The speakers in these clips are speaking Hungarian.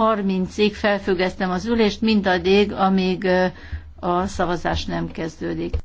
30-ig felfüggesztem az ülést, mindaddig, amíg a szavazás nem kezdődik.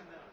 Köszönöm.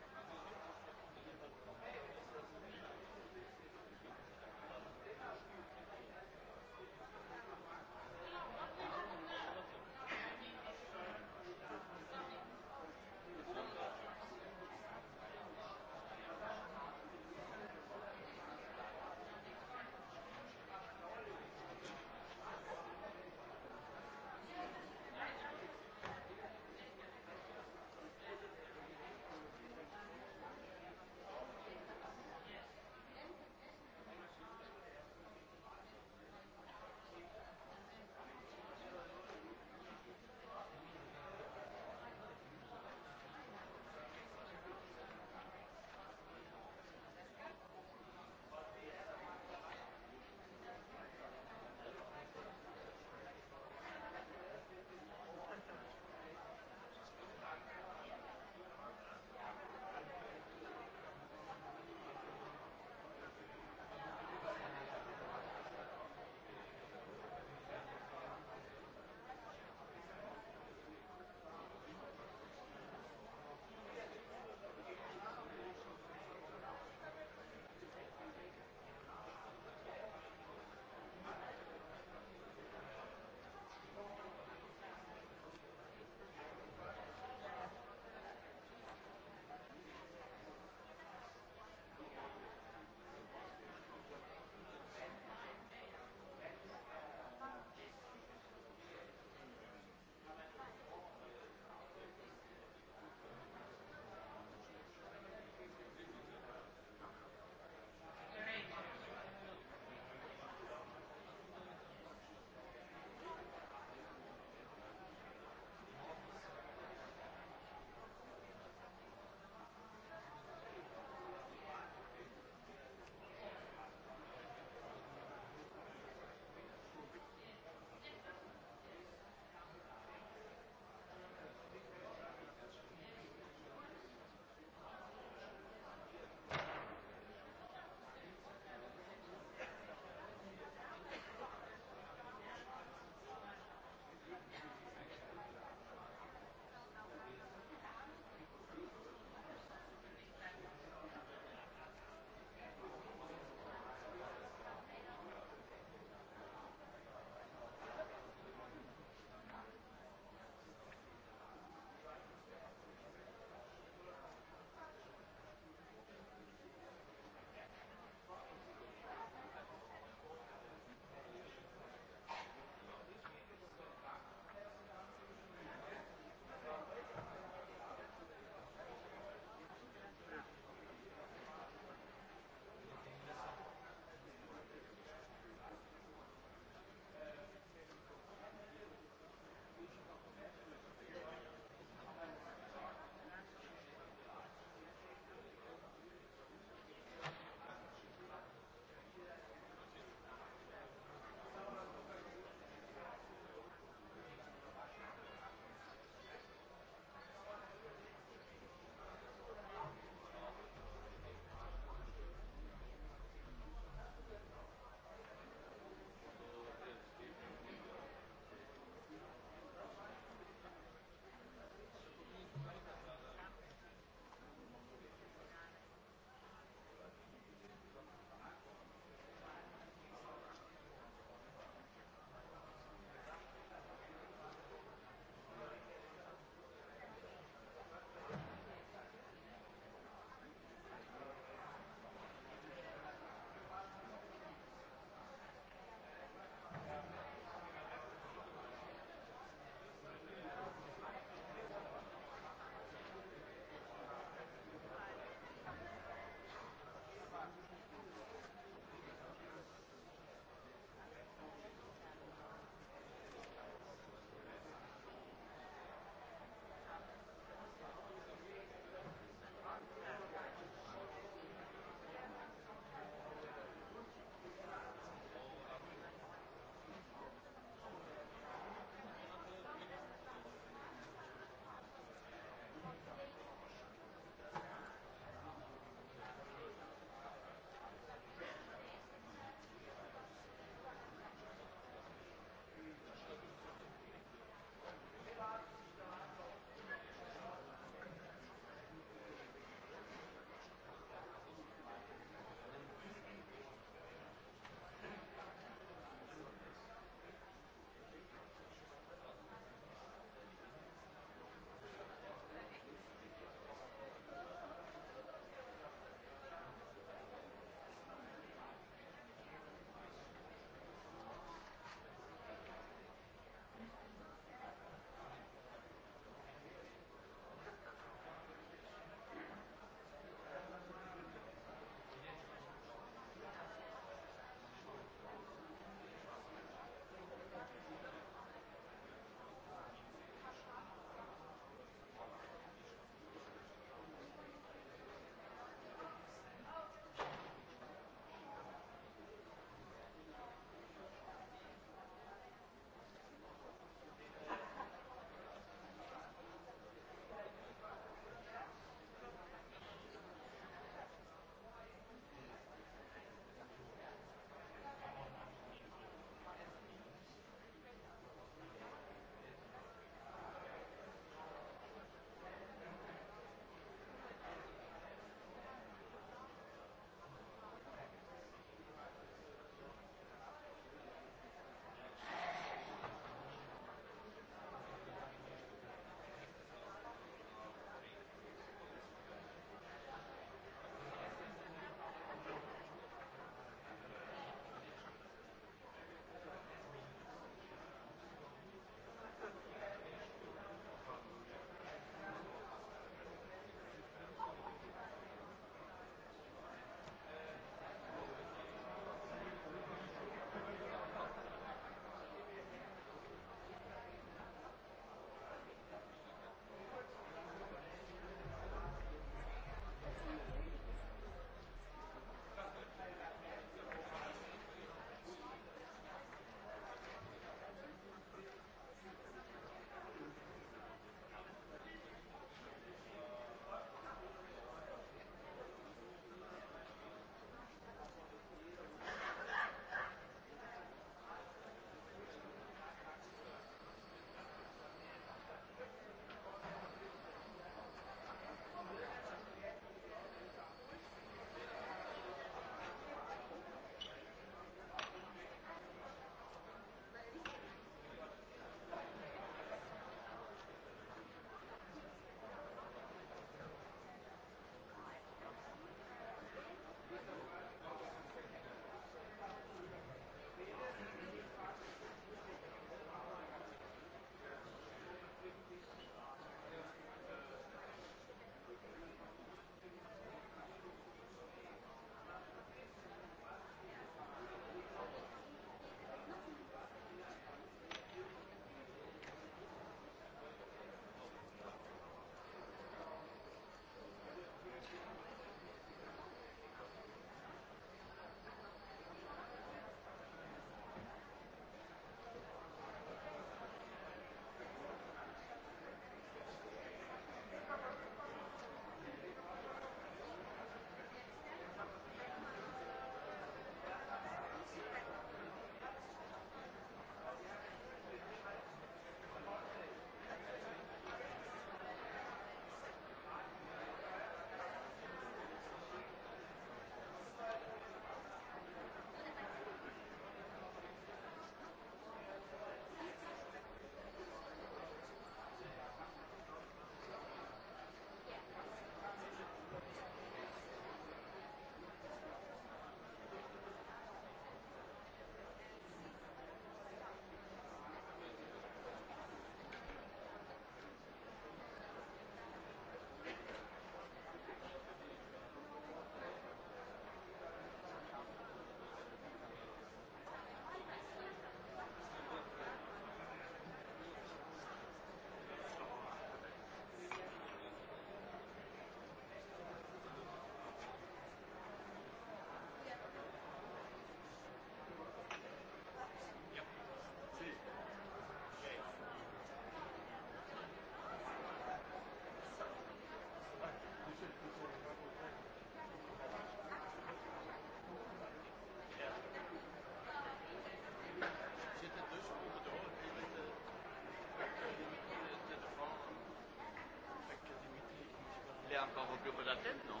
proprio quella a te, no?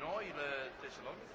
No, il eh, Thessaloniki.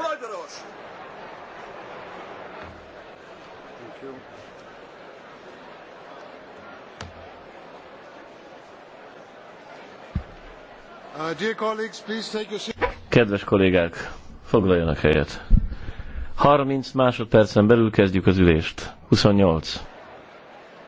Πρόεδρος. Uh, Kedves kollégák, foglaljanak helyet. 30 másodpercen belül kezdjük az ülést. 28.